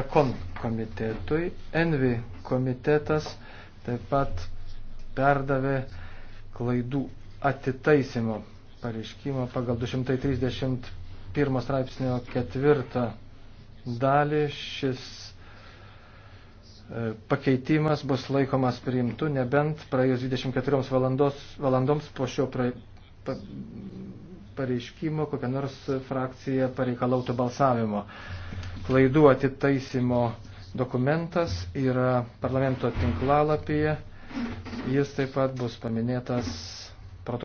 Ekon komitetui, Envi komitetas taip pat perdavė klaidų atitaisimo pareiškimą pagal 231 straipsnio ketvirtą dalį. Šis e, pakeitimas bus laikomas priimtu, nebent praėjus 24 valandos, valandoms po šio pra, pa, pareiškimo kokia nors frakcija pareikalautų balsavimo klaidų atitaisimo dokumentas yra parlamento tinklalapyje. Jis taip pat bus paminėtas